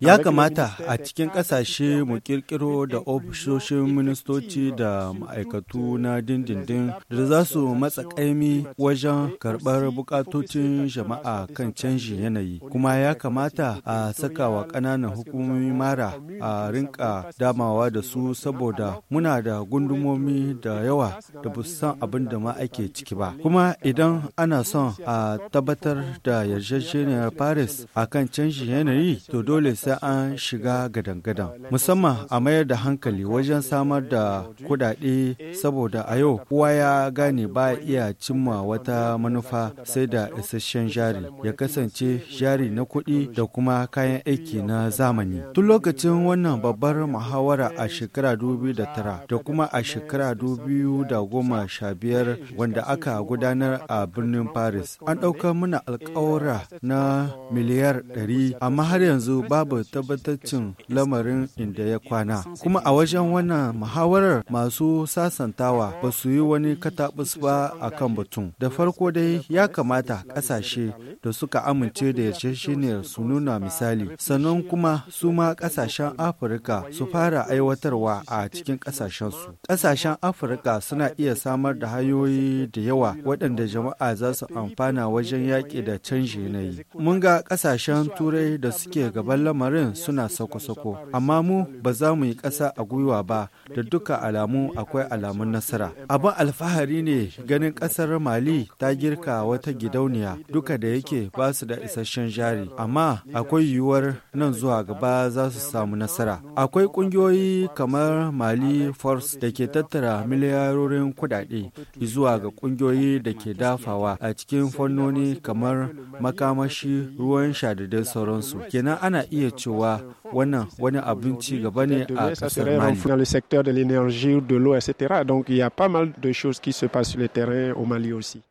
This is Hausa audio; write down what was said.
Ya kamata a cikin ƙasashe mu kirkiro da ofisoshin ministoci da ma'aikatu na dindindin da za su matsa ƙaimi wajen karɓar bukatocin jama'a kan canji yanayi. Kuma ya kamata a saka wa ƙananan hukumomi mara a rinka damawa da su saboda muna da gundumomi da yawa da ba san abin da ma ake ciki ba. Kuma idan ana son a tabbatar da yarjejeniyar Paris a kan canji. canjin yanayi to dole sai an shiga gadan-gadan musamman a mayar da hankali wajen samar da kudade saboda a yau kowa ya gane ba iya cimma wata manufa sai da isasshen jari ya kasance jari na kuɗi da kuma kayan aiki na zamani tun lokacin wannan babbar muhawara a shekara 2009 da kuma a shekara biyar wanda aka gudanar a birnin paris an ɗauka mana alkawura na miliyar 100 yi amma har yanzu babu tabbataccin lamarin inda ya kwana kuma a wajen wannan muhawarar masu sasantawa ba su yi wani katabus ba a kan batun da farko dai ya kamata ƙasashe da suka amince da yarjejeniyar su nuna misali sannan kuma su ma ƙasashen afirka su fara aiwatarwa a cikin ƙasashensu ƙasashen afirka suna iya samar da hanyoyi da yawa waɗanda jama'a za su amfana wajen yaƙi da canji yanayi mun ga ƙasashen turai da suke gaban lamarin suna sako-sako amma mu ba za mu yi ƙasa a gwiwa ba da duka alamu akwai alamun nasara abin alfahari ne ganin ƙasar mali ta girka wata gidauniya duka da yake ba su da isasshen jari amma akwai yiwuwar nan zuwa gaba za su samu nasara akwai ƙungiyoyi kamar mali force da ke tattara miliyarorin kudade zuwa ga ƙungiyoyi da ke dafawa a cikin fannoni kamar makamashi ruwan sha da sauransu kenan ana iya cewa wannan wani abin gaba ne a Donc il y a pas mal de choses qui se passent sur le terrain au Mali aussi.